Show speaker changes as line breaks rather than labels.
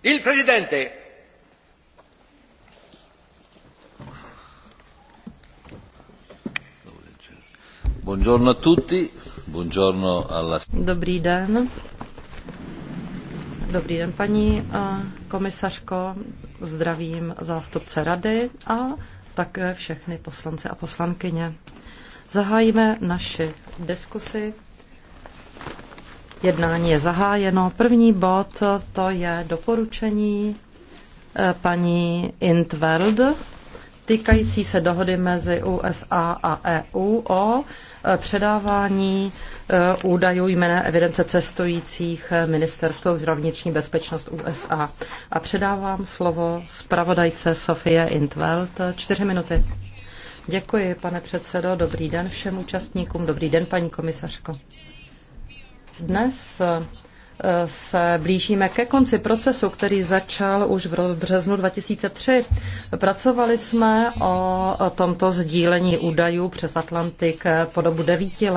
Il Presidente.
Buongiorno a tutti, buongiorno alla...
Dobrý den. Dobrý den, paní eh, komisařko. Zdravím zástupce rady a také všechny poslance a poslankyně. Zahájíme naši diskusi. Jednání je zahájeno. První bod to je doporučení eh, paní Intveld týkající se dohody mezi USA a EU o eh, předávání eh, údajů jména evidence cestujících ministerstvu vnitřní bezpečnost USA. A předávám slovo zpravodajce Sofie Intveld. Čtyři minuty. Děkuji, pane předsedo. Dobrý den všem účastníkům. Dobrý den, paní komisařko. Dnes eh, se blížíme ke konci procesu, který začal už v březnu 2003. Pracovali jsme o tomto sdílení údajů přes Atlantik eh, po dobu devíti let.